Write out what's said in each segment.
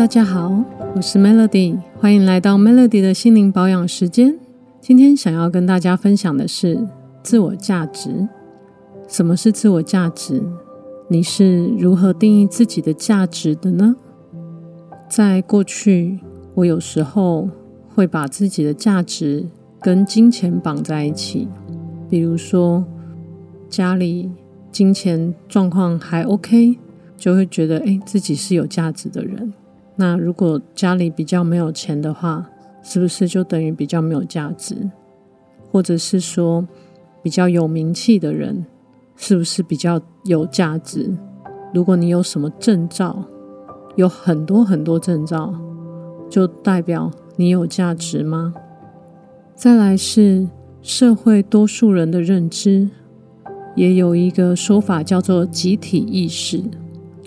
大家好，我是 Melody，歡迎來到 Melody 的心靈保養時間。今天想要跟大家分享的是自我價值。什麼是自我價值？你是如何定義自己的價值的呢？在過去，我有時候會把自己的價值跟金錢綁在一起，比如說家裡金錢狀況還 OK，就會覺得欸，自己是有價值的人。那如果家裡比較沒有錢的話，是不是就等於比較沒有價值？或者是說，比較有名氣的人是不是比較有價值？如果你有什麼證照，有很多很多證照，就代表你有價值嗎？再來是社會多數人的認知，也有一個說法叫做集體意識。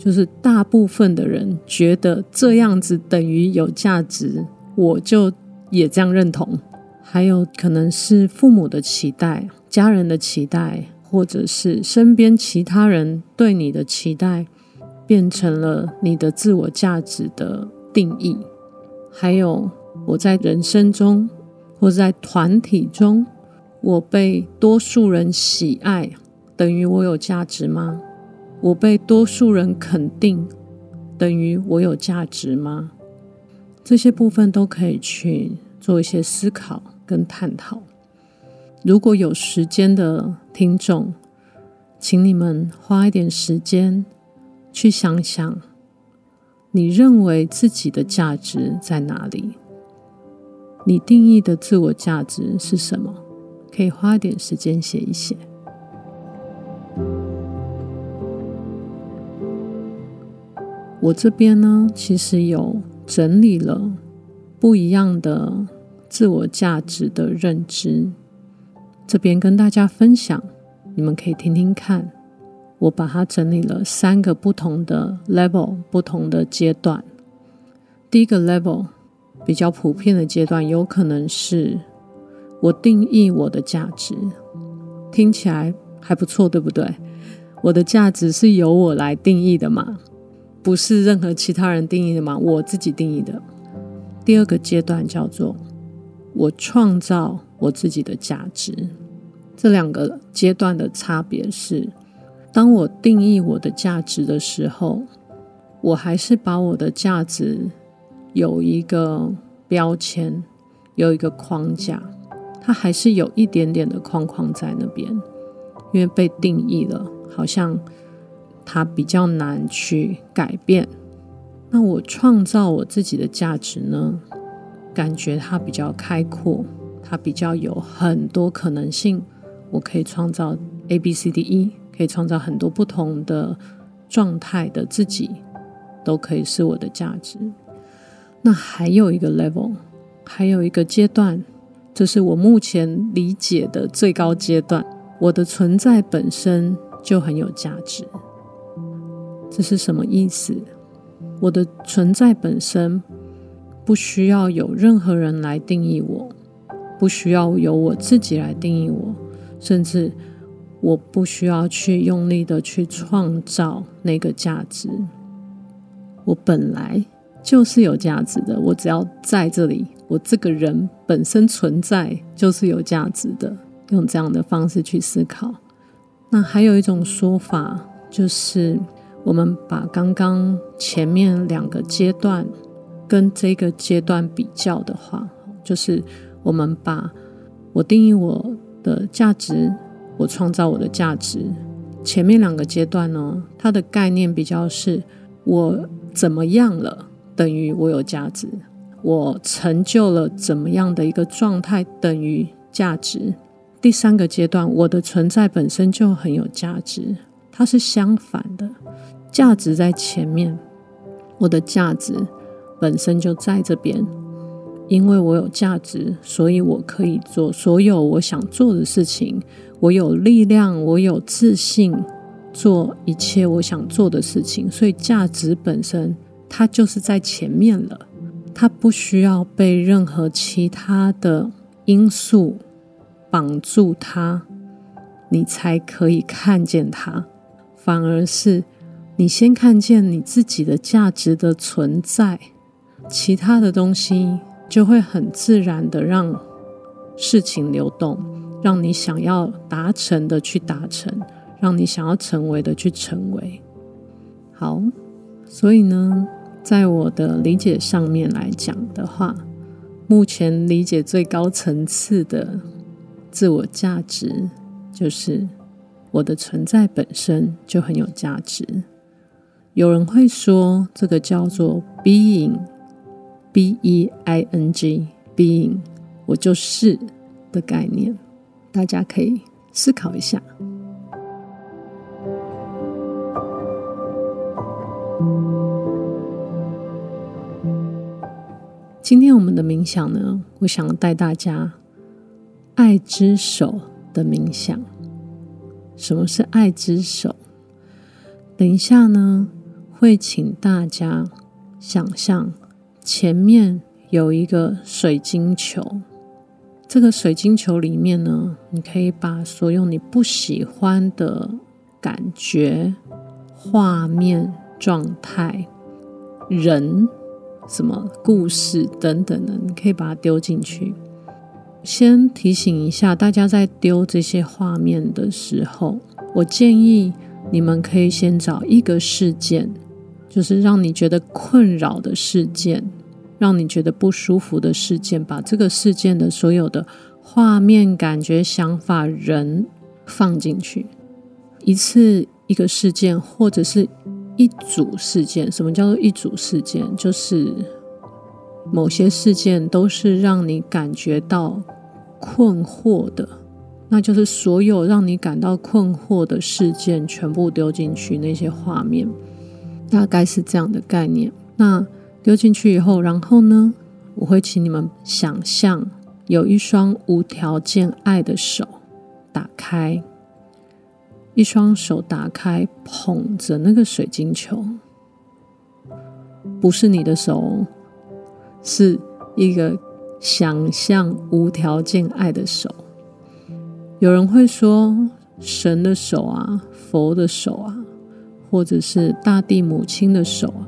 就是大部分的人覺得這樣子等於有價值，我就也這樣認同。還有可能是父母的期待、家人的期待，或者是身邊其他人對你的期待，變成了你的自我價值的定義。還有我在人生中，或在團體中，我被多數人喜愛，等於我有價值嗎？我被多數人肯定，等於我有價值嗎？這些部分都可以去做一些思考跟探討。如果有時間的聽眾，請你們花一點時間去想想，你認為自己的價值在哪裡？你定義的自我價值是什麼？可以花一點時間寫一寫。我這邊呢，其實有整理了不一樣的自我價值的認知，這邊跟大家分享，你們可以聽聽看。我把它整理了三個不同的 level，不同的階段。第一個 level 比較普遍的階段，有可能是我定義我的價值，聽起來還不錯，對不對？我的價值是由我來定義的嘛。不是任何其他人定義的嗎？我自己定義的。第二個階段叫做我創造我自己的價值。這兩個階段的差別是，當我定義我的價值的時候，我還是把我的價值有一個標籤，有一個框架，它還是有一點點的框框在那邊，因為被定義了，好像。它比較難去改變。那我創造我自己的價值呢？感覺它比較開闊，它比較有很多可能性。我可以創造 A、B、C、D、E，可以創造很多不同的狀態的自己，都可以是我的價值。那還有一個 level，還有一個階段，這是我目前理解的最高階段。我的存在本身就很有價值。這是什麼意思？我的存在本身不需要有任何人來定義我，不需要由我自己來定義我，甚至我不需要去用力的去創造那個價值。我本來就是有價值的，我只要在這裡，我這個人本身存在就是有價值的。用這樣的方式去思考。那還有一種說法就是我們把剛剛前面兩個階段跟這個階段比較的話，就是我們把我定義我的價值，我創造我的價值。前面兩個階段呢、哦，它的概念比較是：我怎麼樣了等於我有價值，我成就了怎麼樣的一個狀態等於價值。第三個階段，我的存在本身就很有價值。它是相反的，價值在前面。我的價值本身就在這邊，因為我有價值，所以我可以做所有我想做的事情。我有力量，我有自信，做一切我想做的事情。所以價值本身，它就是在前面了，它不需要被任何其他的因素綁住它，你才可以看見它。反而是，你先看見你自己的價值的存在，其他的東西就會很自然的讓事情流動，讓你想要達成的去達成，讓你想要成為的去成為。好，所以呢，在我的理解上面來講的話，目前理解最高層次的自我價值就是。我的存在本身就很有價值。有人會說，這個叫做 “being”，B E I N G，being，我就是的概念。大家可以思考一下。今天我們的冥想呢，我想帶大家“愛之手”的冥想。什麼是愛之手？等一下呢，會請大家想象，前面有一個水晶球，這個水晶球裡面呢，你可以把所有你不喜歡的感覺、畫面、狀態、人、什麼故事等等的，你可以把它丟進去。先提醒一下大家，在丟這些畫面的時候，我建議你們可以先找一個事件，就是讓你覺得困擾的事件，讓你覺得不舒服的事件，把這個事件的所有的畫面、感覺、想法、人放進去，一次一個事件，或者是一組事件。什麼叫做一組事件？就是某些事件都是讓你感覺到。困惑的，那就是所有讓你感到困惑的事件，全部丟進去那些畫面，大概是這樣的概念。那丟進去以後，然後呢？我會請你們想象，有一雙無條件愛的手打開，一雙手打開捧着那個水晶球，不是你的手，是一個。想象無條件愛的手，有人會說神的手啊，佛的手啊，或者是大地母親的手啊，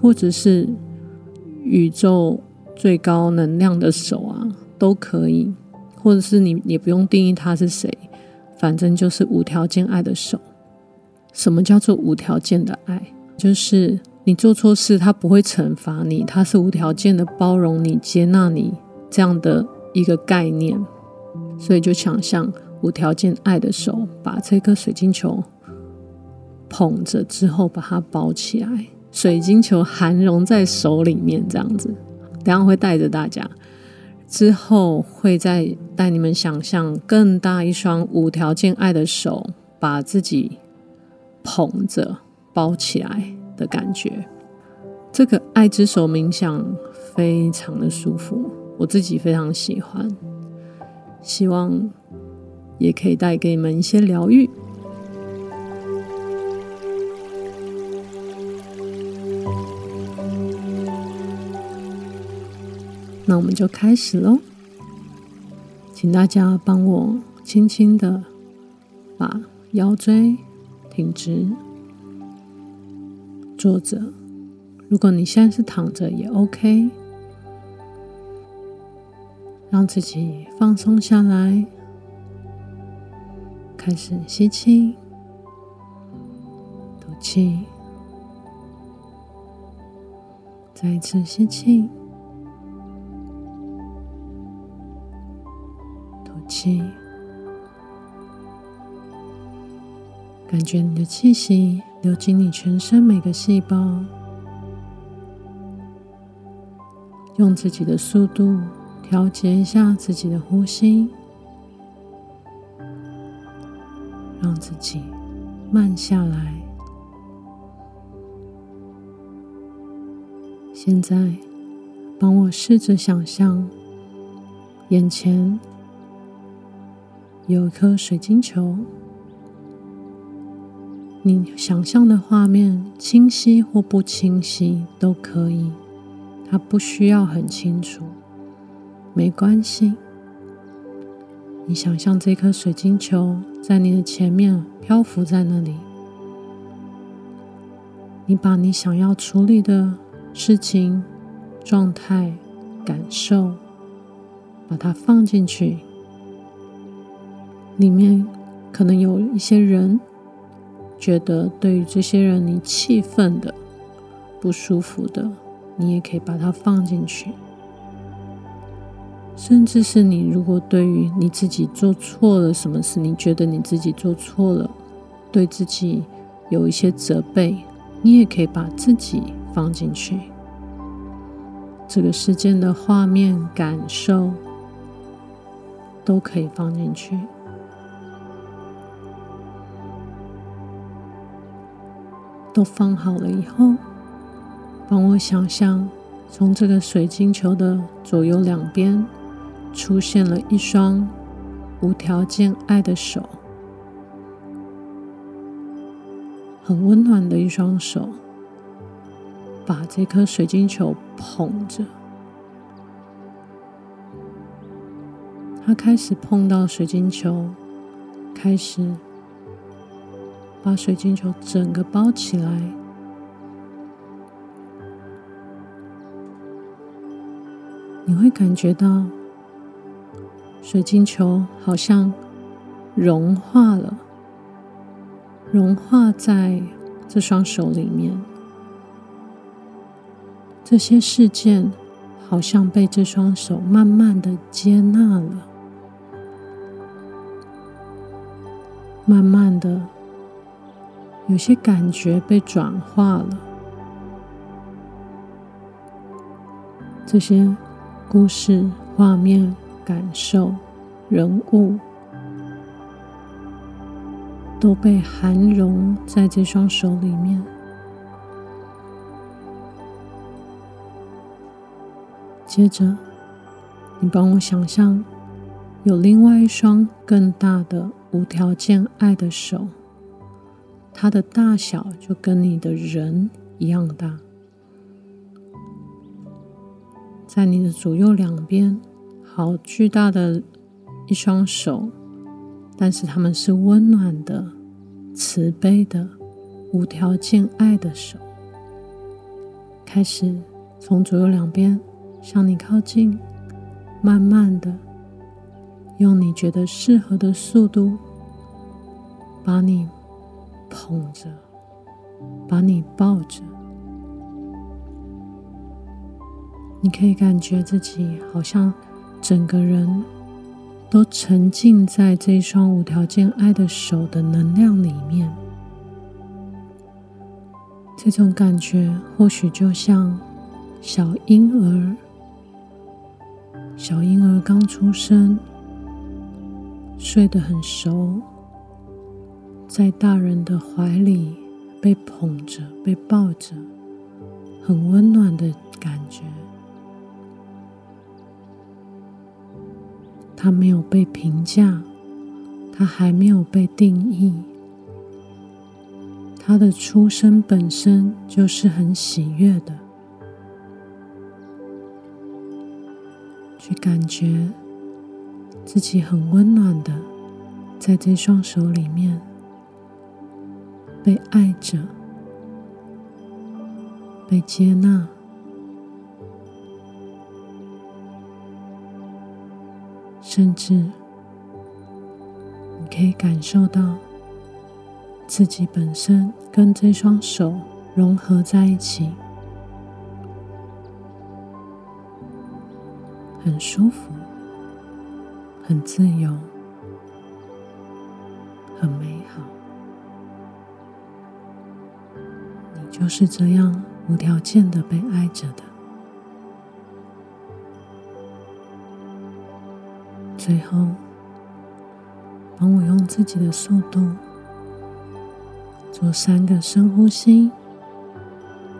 或者是宇宙最高能量的手啊，都可以。或者是你也不用定義他是誰，反正就是無條件愛的手。什麼叫做無條件的愛？就是。你做錯事，他不會懲罰你，他是無條件的包容你、接納你這樣的一個概念。所以就想象無條件愛的手把這顆水晶球捧着，之後把它包起來，水晶球含融在手裡面這樣子。等下會帶着大家，之後會再帶你們想象更大一雙無條件愛的手，把自己捧着包起來。的感覺，這個愛之手冥想非常的舒服，我自己非常喜歡，希望也可以帶給你們一些療癒。那我們就開始囉，請大家幫我輕輕的把腰椎挺直。坐着，如果你現在是躺着也 OK，讓自己放鬆下來，開始吸氣，吐氣，再一次吸氣，吐氣。感覺你的氣息流進你全身每個細胞，用自己的速度調節一下自己的呼吸，讓自己慢下來。現在幫我試着想象，眼前有一顆水晶球。你想象的畫面清晰或不清晰都可以，它不需要很清楚，沒關係。你想象這顆水晶球在你的前面漂浮在那裡，你把你想要處理的事情、狀態、感受，把它放進去。裡面可能有一些人。覺得對於這些人，你氣憤的、不舒服的，你也可以把它放進去。甚至是你如果對於你自己做錯了什麼事，你覺得你自己做錯了，對自己有一些責備，你也可以把自己放進去。這個事件的畫面、感受都可以放進去。放好了以後，幫我想象，從這個水晶球的左右兩邊出現了一雙無條件愛的手，很溫暖的一雙手，把這顆水晶球捧着。他開始碰到水晶球，開始。把水晶球整個包起來，你會感覺到水晶球好像融化了，融化在這雙手裡面。這些事件好像被這雙手慢慢的接納了，慢慢的。有些感覺被轉化了，這些故事、畫面、感受、人物都被含容在這雙手裡面。接着，你幫我想象，有另外一雙更大的、無條件愛的手。它的大小就跟你的人一樣大，在你的左右兩邊，好巨大的一雙手，但是他們是溫暖的、慈悲的、無條件愛的手，開始從左右兩邊向你靠近，慢慢的，用你覺得適合的速度，把你。捧着，把你抱着，你可以感覺自己好像整個人都沉浸在這雙無條件愛的手的能量裡面。這種感覺或許就像小嬰兒，小嬰兒剛出生，睡得很熟。在大人的懷裡被捧着、被抱着，很溫暖的感覺。他沒有被評價，他還沒有被定義，他的出生本身就是很喜悅的，去感覺自己很溫暖的，在這雙手裡面。被愛着，被接納，甚至你可以感受到自己本身跟這雙手融合在一起，很舒服，很自由。是這樣無條件的被愛着的。最後，幫我用自己的速度做三個深呼吸，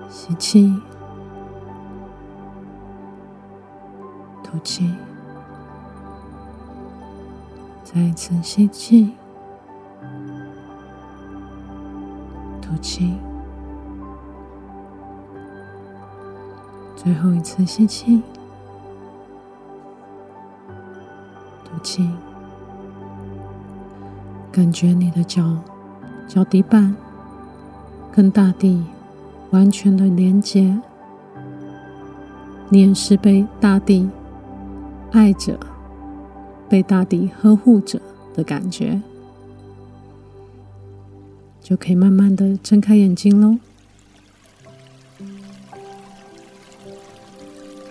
吸氣，吐氣，再一次吸氣，吐氣。最後一次吸氣，吐氣，感覺你的腳腳底板跟大地完全的連接，你也是被大地愛着、被大地呵護着的感覺，就可以慢慢的睜開眼睛嘍。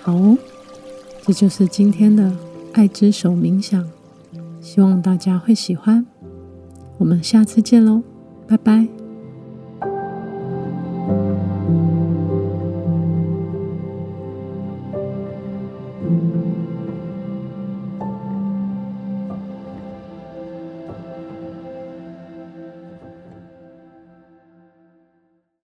好哦，這就是今天的愛之手冥想，希望大家會喜歡。我們下次見嘍，拜拜。